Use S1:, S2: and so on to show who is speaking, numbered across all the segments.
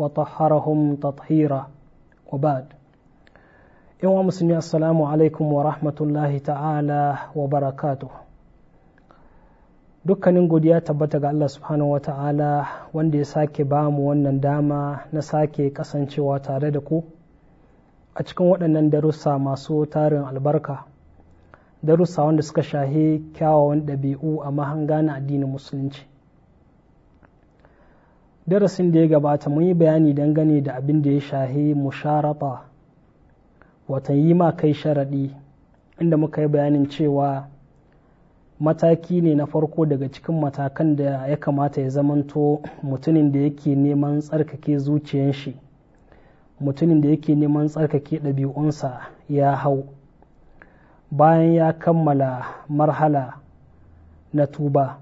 S1: وطهرهم تطهيرا وبعد yan musulmi السلام alaikum wa الله ta'ala wa barakatu dukkanin godiya tabbata ga Allah subhanahu wa ta'ala wanda ya sake ba mu wannan dama na sake kasancewa tare da ku a cikin waɗannan darussa masu tarin albarka darussa wanda suka shahi kyawawan ɗabi'u a mahanga na addinin musulunci darasin da ya gabata mun yi bayani dangane da abin da ya shahi musharata watan yi ma kai sharaɗi inda muka yi bayanin cewa mataki ne na farko daga cikin matakan da ya kamata ya zamanto mutumin da yake neman tsarkake zuciyan shi mutumin da yake neman tsarkake ɗabi'unsa ya hau bayan ya kammala marhala na tuba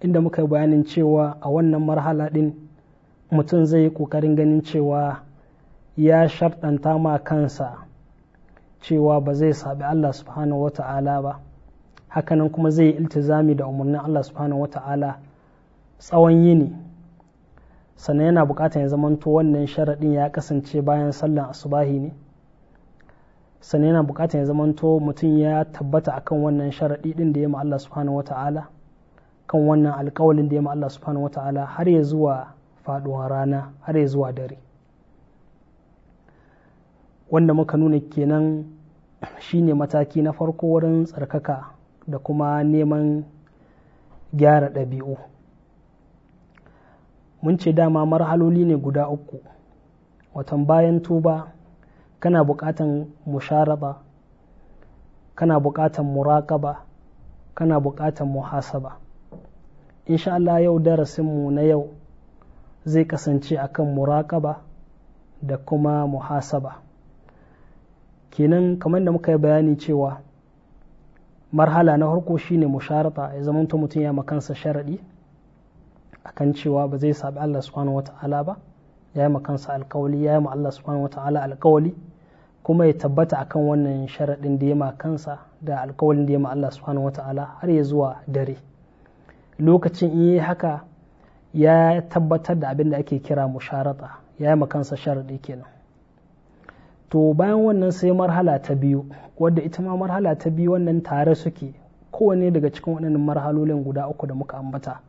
S1: inda muka yi bayanin cewa a wannan marhala ɗin mutum zai yi ƙoƙarin ganin cewa ya sharɗanta ma kansa cewa ba zai saɓi Allah subhanahu wa ta'ala ba hakanan kuma zai yi iltizami da umarnin Allah subhanahu wa ta'ala tsawon yini sannan yana bukatar ya zamanto wannan sharaɗin ya kasance bayan sallan asubahi ne sannan yana bukatar ya zamanto mutum ya tabbata akan wannan sharaɗi ɗin da ya ma Allah subhanahu wa ta'ala kan wannan alkawalin da ya ma Allah subhanahu Ta'ala har ya zuwa faduwar rana har ya zuwa dare wanda muka nuna kenan shine mataki na farko wurin tsarkaka da kuma neman gyara ɗabi'u mun ce dama marhaloli ne guda uku watan bayan tuba kana mu musharaba kana buƙatan muraƙaba kana buƙatan muhasaba insha Allah yau darasinmu na yau zai kasance akan muraƙaba da kuma muhasaba kenan kamar da muka yi bayani cewa marhala na harko shine musharata ya zamanta mutum ya makansa sharaɗi kan cewa ba zai sabi Allah subhanahu wa ta'ala ba ya yi makansa alkawali ya yi ma Allah subhanahu wa ta'ala alkawali kuma ya tabbata akan wannan sharaɗin da ya makansa da alkawalin da ya ma Allah subhanahu wa ta'ala har ya zuwa dare lokacin in yi haka ya tabbatar da abin da ake kira musharata ya yi makansa sharaɗi kenan to bayan wannan sai marhala ta biyu wadda ita ma marhala ta biyu wannan tare suke kowane daga cikin waɗannan marhalolin guda uku da muka ambata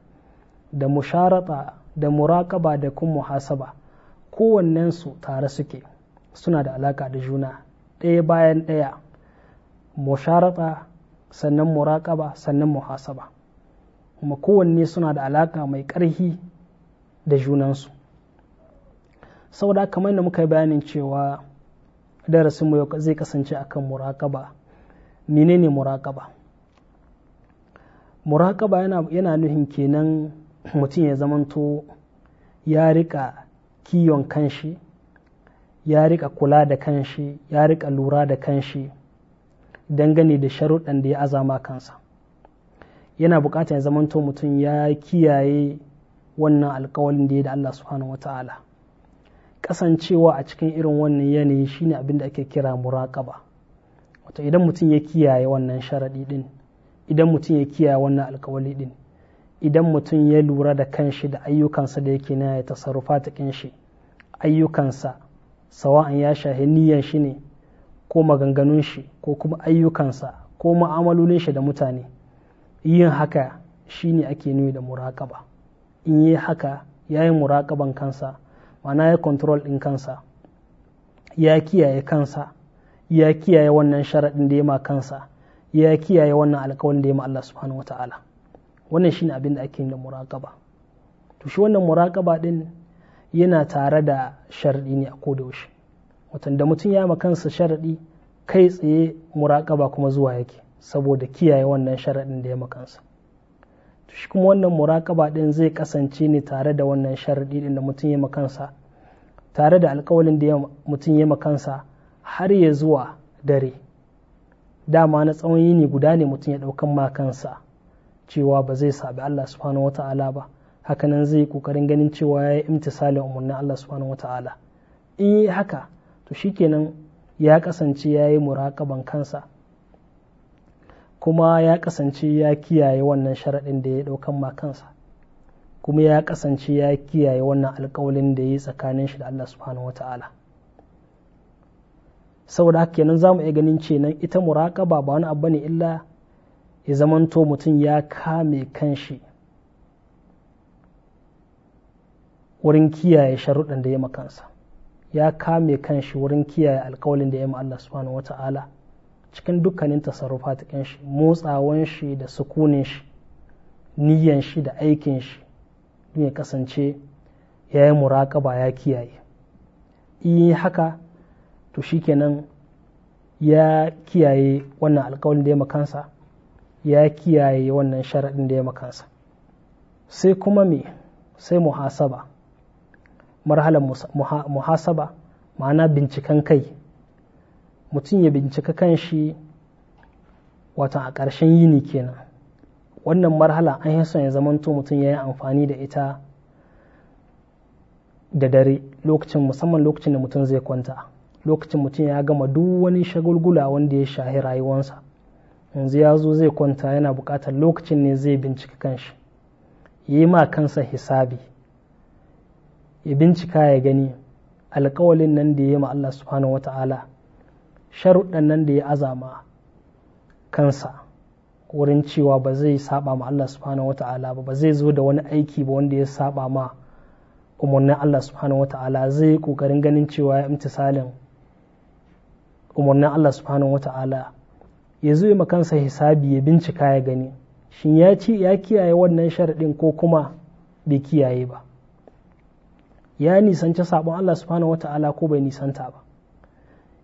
S1: da musharata da muraƙaba da kuma muhasaba su tare suke suna da alaƙa da juna ɗaya bayan ɗaya musharata sannan muraƙaba sannan muhasaba kuma kowanne suna da alaka mai ƙarfi da junansu saboda kamar da muka yi bayanin cewa darasinmu yau zai kasance akan muraƙaba menene muraƙaba muraƙaba yana nuhin kenan mutum ya zamanto ya rika kiyon kanshi ya rika kula da kanshi ya rika lura da kanshi dangane da sharuɗan da ya azama kansa yana bukata ya zamanto mutum ya kiyaye wannan alkawalin da ya da Allah subhanahu wata'ala kasancewa a cikin irin wannan yanayi shine abin da ake kira muraƙaba wato idan mutum ya kiyaye wannan sharaɗi din idan mutum ya kiyaye wannan alkawali din idan mutum ya lura da kanshi da ayyukansa da yake na ya tasarrufa ta kinshi ayyukansa sawa'an ya shahi niyyar shi ne ko maganganun shi ko kuma ayyukansa ko ma'amalolin shi da mutane yin haka shine ake nuni da muraƙaba in yi haka ya yi muraƙaban kansa mana ya control ɗin kansa ya kiyaye kansa ya kiyaye wannan sharaɗin da ya ma kansa ya kiyaye wannan alƙawarin da ya ma Allah subhanahu wa ta'ala wannan shine abin da ake yi da muraƙaba to shi wannan muraƙaba ɗin yana tare da sharaɗi ne a kodayaushe watan da mutum ya ma kansa sharaɗi kai tsaye muraƙaba kuma zuwa yake saboda kiyaye wannan sharaɗin da ya makansa shi kuma wannan muraƙaba ɗin zai kasance ne tare da wannan sharaɗi ɗin da mutum ya makansa tare da alkawalin da mutum ya makansa har ya zuwa dare dama na tsawon yini guda ne mutum ya ɗaukan makansa cewa ba zai sabi Allah subhanahu wa ta'ala ba hakanan zai kokarin ganin cewa ya yi imtisalin umarnin Allah subhanahu wa ta'ala in yi haka to shikenan ya kasance ya yi muraƙaban kansa kuma ya kasance ya kiyaye wannan sharaɗin da ya ɗaukan ma kansa kuma ya kasance ya kiyaye wannan alkawalin da ya yi tsakanin shi da Allah subhanahu wa ta'ala saboda haka kenan za mu iya ganin ce nan ita muraƙaba ba wani abu ne illa ya zamanto mutum ya kame kanshi wurin kiyaye sharuɗan da ya makansa ya kame kanshi wurin kiyaye alkawalin da ya ma Allah subhanahu wa ta'ala cikin dukkanin tasarrufa cikin shi motsawan shi da sukunin shi niyan shi da aikin shi don ya kasance ya yi muraƙaba ya kiyaye in haka to shikenan ya kiyaye wannan alkawalin da ya makansa ya kiyaye wannan sharaɗin da ya makansa sai kuma me sai muhasaba marhalar muhasaba ma'ana binciken kai mutum ya bincika kanshi watan a ƙarshen yini kenan wannan marhala an yi son ya zamanto mutum ya yi amfani da ita da dare lokacin musamman lokacin da mutum zai kwanta lokacin mutum ya gama duk wani shagulgula wanda ya shahi rayuwansa yanzu ya zo zai kwanta yana buƙatar lokacin ne zai bincika kanshi yi ma kansa hisabi ya bincika ya gani alkawalin nan da ya yi ma Allah subhanahu wata'ala sharuɗan nan da ya azama kansa wurin cewa ba zai saba ma Allah subhanahu wa ta'ala ba zai zo da wani aiki ba wanda ya saba ma umarnin Allah subhanahu wa ta'ala zai kokarin ganin cewa ya imtisalin umarnin Allah subhanahu wa ta'ala ya zo ma kansa hisabi ya bincika ya gani shin ya ce ya kiyaye wannan sharaɗin ko kuma bai kiyaye ba ya nisanci sabon Allah subhanahu wa ta'ala ko bai nisanta ba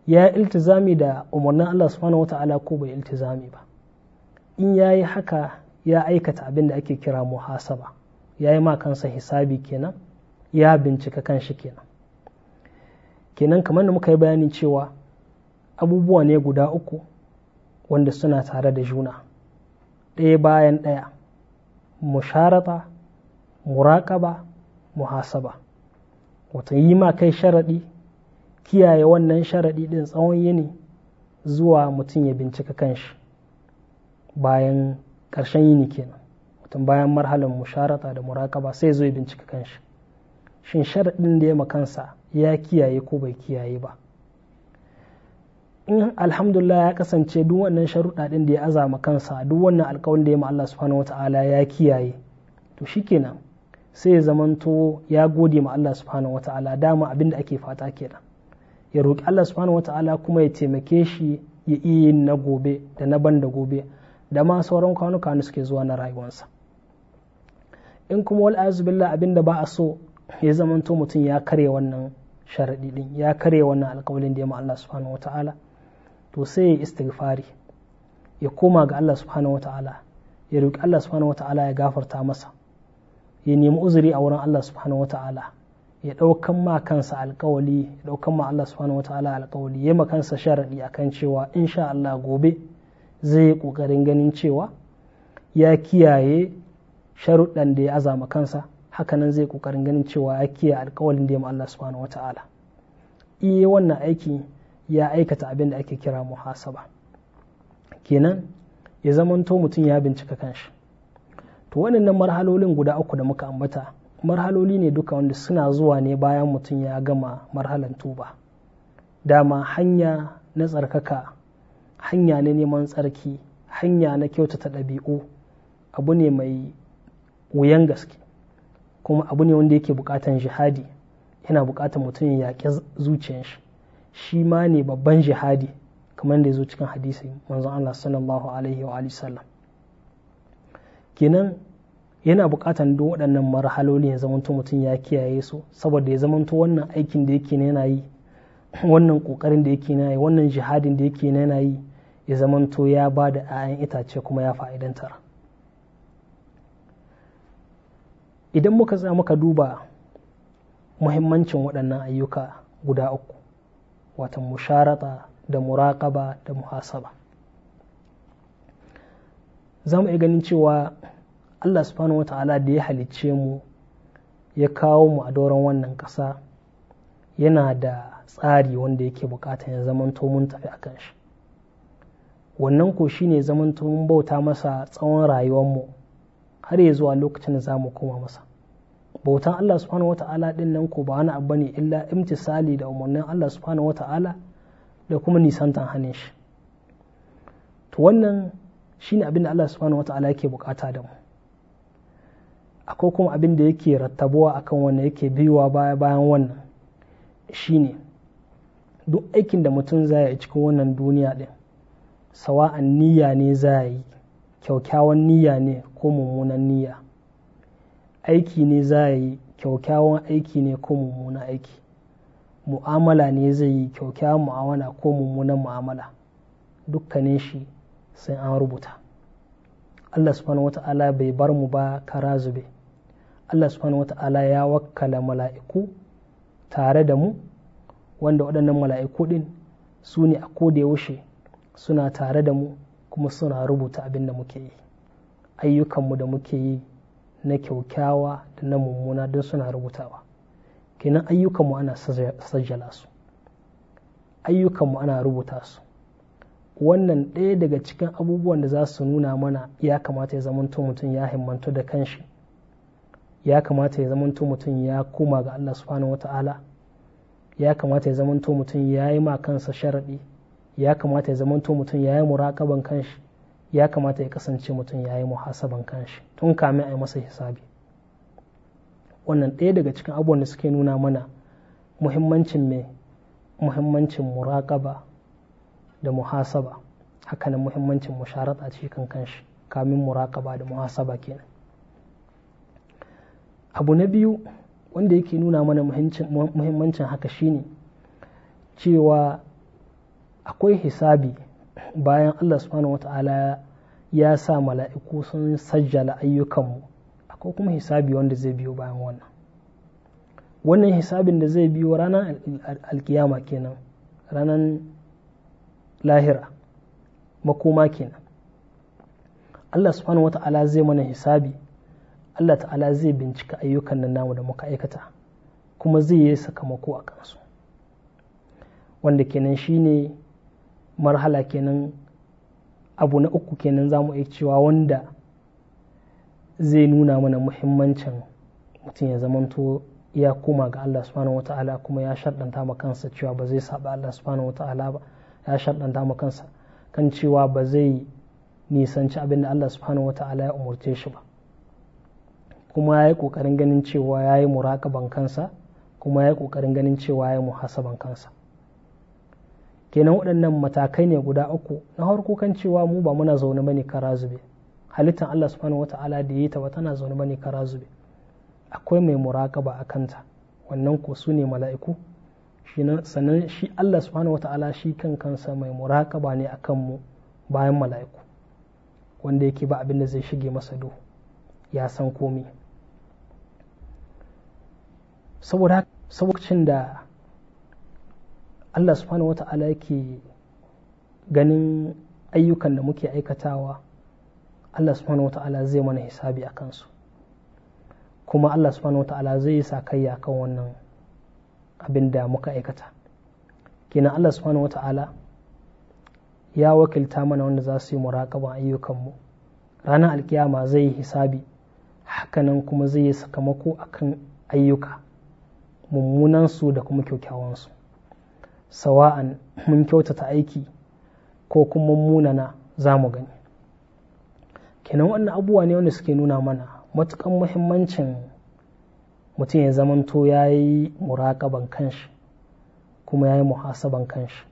S1: ya yi iltizami da umarnin Allah subhanahu wata'ala ko bai iltizami ba in ya yi haka ya aikata abin da ake kira muhasaba ya yi ma kansa hisabi kenan ya bincika kanshi kenan kenan kamar da muka yi bayanin cewa abubuwa ne guda uku wanda suna tare da juna ɗaya bayan ɗaya musharata muraƙaba muhasaba wata yi ma kai sharaɗi kiyaye wannan sharaɗi ɗin tsawon yini zuwa mutum ya bincika kanshi bayan ƙarshen yini kenan mutum bayan marhalar musharata da murakaba sai zo ya bincika kanshi shin sharaɗin da ya makansa ya kiyaye ko bai kiyaye ba in alhamdulillah ya kasance duk wannan sharuɗa ɗin da ya azama kansa duk wannan alkawalin da ya ma Allah subhanahu wata'ala ya kiyaye to shikenan sai ya zamanto ya gode ma Allah subhanahu wata'ala dama abin da ake fata kenan ya roƙi Allah subhanahu wata'ala kuma ya taimake shi ya iya na gobe da na ban da gobe da ma sauran kwanuka wanda suke zuwa na rayuwansa. in kuma wal billah abin da ba a so ya zamanto mutum ya karya wannan sharaɗi din ya karya wannan alƙawalin da ya ma Allah subhanahu wata'ala to sai ya istighfari ya koma ga Allah subhanahu wata'ala ya roƙi Allah subhanahu wata'ala ya gafarta masa ya nemi uzuri a wurin Allah subhanahu wata'ala ya ɗaukan ma kansa alkawali ya ɗaukan ma Allah subhanahu wataala alkawali ya makansa sharaɗi kan cewa insha Allah gobe zai yi ƙoƙarin ganin cewa ya kiyaye sharuɗan da ya azama kansa hakanan zai ƙoƙarin ganin cewa ya kiyaye alkawalin da ya ma Allah subhanahu wataala iya wannan aiki ya aikata abin da ake kira muhasaba kenan ya zamanto mutum ya bincika kanshi to waɗannan marhalolin guda uku da muka ambata marhaloli ne duka wanda suna zuwa ne bayan mutum ya gama marhalan tuba dama hanya na tsarkaka hanya na neman tsarki hanya na kyautata ɗabi'u abu ne mai wuyan gaske kuma abu ne wanda yake bukatan jihadi yana bukatan mutum ya yaƙi zuciyar shi shi ma ne babban jihadi kamar da ya zo cikin hadisi manzon Allah sallallahu alaihi wa sallam kenan yana buƙatar duk waɗannan marhaloli ya zamanto mutum ya kiyaye su saboda ya zamanto wannan aikin da yake yana yi wannan ƙoƙarin da yake yana yi wannan jihadin da yake yana yi ya zamanto ya ba da 'ya'yan itace kuma ya fa'idantar idan muka tsaya muka duba muhimmancin waɗannan ayyuka guda uku wata musharata da muraƙaba da muhasaba za mu iya ganin cewa Allah subhanahu wata'ala da ya halicce mu ya kawo mu a doron wannan ƙasa yana da tsari wanda yake bukata ya zaman mun tafi a kan shi wannan ko shine zaman mun bauta masa tsawon rayuwar mu har ya zuwa lokacin da za mu koma masa bautan Allah subhanahu wata'ala din nan ko ba wani abu bane illa imtisali da umarnin Allah subhanahu wata'ala da kuma nisantan hannun shi to wannan shine abin da Allah subhanahu wata'ala yake bukata da mu akwai kuma abin da yake rattabuwa akan wanda yake biyuwa baya bayan wannan shine duk aikin da mutum za yi cikin wannan duniya ɗin sawa'an niyya ne za yi kyaukyawan niyya ne ko mummunan niyya aiki ne za yi kyaukyawan aiki ne ko mummunan aiki mu'amala ne zai yi kyaukyawan mu'amala ko mummunan mu'amala dukkanin shi sai an rubuta Allah subhanahu wata'ala bai bar mu ba kara zube Allah subhanahu wata'ala ya wakkala mala'iku tare da mu wanda waɗannan mala'iku ɗin su ne a koda yaushe suna tare da mu kuma suna rubuta abin da muke yi ayyukanmu da muke yi na kyaukyawa da na mummuna don suna rubutawa kenan ayyukanmu ana sajjala su ayyukanmu ana rubuta su wannan ɗaya daga cikin abubuwan da za su nuna mana ya kamata ya zamanto mutum ya himmantu da kanshi ya kamata ya zamanto mutum ya koma ga Allah subhanahu wata'ala ya kamata ya zamanto mutum ya yi ma kansa sharaɗi ya kamata ya zamanto mutum ya yi muraƙaban kanshi ya kamata ya kasance mutum ya yi muhasaban kanshi tun kamin a yi masa hisabi wannan ɗaya daga cikin abubuwan da suke nuna mana muhimmancin mai muhimmancin muraƙaba da muhasaba hakanan muhimmancin musharata cikin kanshi kamin muraƙaba da muhasaba kenan abu na biyu wanda yake nuna mana muhimmancin haka shine cewa akwai hisabi bayan Allah subhanahu wata'ala ya sa mala'iku sun sajjala ayyukanmu akwai kuma hisabi wanda zai biyo bayan wannan wannan hisabin da zai biyo ranar alkiyama kenan ranar lahira makoma kenan Allah subhanahu wata'ala zai mana hisabi Allah ta'ala zai bincika ayyukan nan namu da muka aikata kuma zai yi sakamako a kansu wanda kenan shine marhala kenan abu na uku kenan za mu iya cewa wanda zai nuna mana muhimmancin mutum ya zamanto ya koma ga Allah subhanahu wata'ala kuma ya shaɗanta ma kansa cewa ba zai saba Allah subhanahu wata'ala ba ya shaɗanta ma kansa kan cewa ba zai nisanci abin da Allah subhanahu wata'ala ya umarce shi ba kuma ya yi ƙoƙarin ganin cewa ya yi muraƙaban kansa kuma ya yi ƙoƙarin ganin cewa ya yi muhasaban kansa kenan waɗannan matakai ne guda uku na harko kan cewa mu ba muna zaune bane kara zube halittar Allah subhanahu ala da yi ta ba tana zaune bane kara zube akwai mai murakaba a kanta wannan ko su ne mala'iku sannan shi Allah subhanahu ala shi kan kansa mai murakaba ne a mu bayan mala'iku wanda yake ba abin da zai shige masa duhu ya san komai saboda da Allah subhanahu wata'ala yake ganin ayyukan da muke aikatawa Allah subhanahu wata'ala zai mana hisabi a kansu kuma Allah subhanahu wata'ala zai yi sakayya kan wannan abin da muka aikata kenan Allah subhanahu wata'ala ya wakilta mana wanda za su yi muraƙaban ayyukanmu ranar alkiyama zai yi hisabi hakanan kuma zai yi sakamako akan ayyuka mummunansu da kuma kyaukyawansu sawa'an mun kyautata aiki ko kuma munana za mu gani kenan wannan abubuwa ne wanda suke nuna mana matukan muhimmancin mutum ya zamanto ya yi muraƙaban kanshi kuma ya yi muhasaban kanshi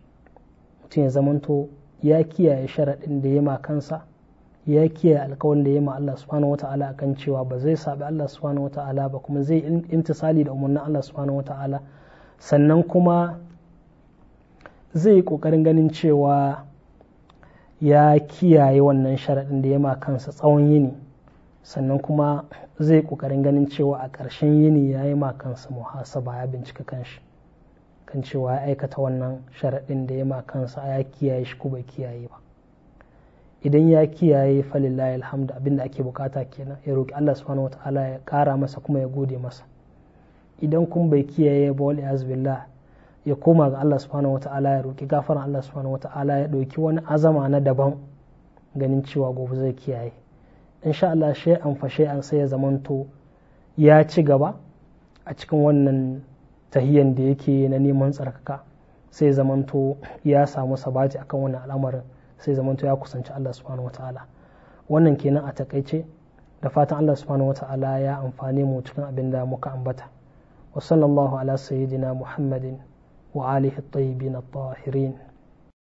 S1: mutum ya zamanto ya kiyaye sharaɗin da ya ma kansa ya kiyaye alkawarin da ya ma Allah subhanahu ta'ala akan cewa ba zai sabi Allah subhanahu ta'ala ba kuma zai intisali da umarnin Allah subhanahu ta'ala sannan kuma zai yi kokarin ganin cewa ya kiyaye wannan sharaɗin da ya ma kansa tsawon yini sannan kuma zai kokarin ganin cewa a ƙarshen yini ya yi ma kansa muhasaba ya bincika kanshi kan cewa ya aikata wannan sharaɗin da ya ma kansa ya kiyaye shi ko bai kiyaye ba idan ya kiyaye falillahi alhamdu abinda ake bukata kenan ya roki Allah subhanahu wataala ya kara masa kuma ya gode masa idan kun bai kiyaye ba wal billah ya koma ga Allah subhanahu wataala ya roki gafaran Allah subhanahu wataala ya dauki wani azama na daban ganin cewa gobe zai kiyaye insha Allah an fa an sai ya zamanto ya ci gaba a cikin wannan tahiyan da yake na neman tsarkaka sai zamanto ya samu sabati akan wannan al'amarin sai zamanto ya kusanci Allah subhanahu wata'ala wannan kenan a takaice da fatan Allah subhanahu wata'ala ya amfane mu cikin abin da muka ambata wa sallallahu ala sayyidina muhammadin wa alihi at-tayyibin at-tahirin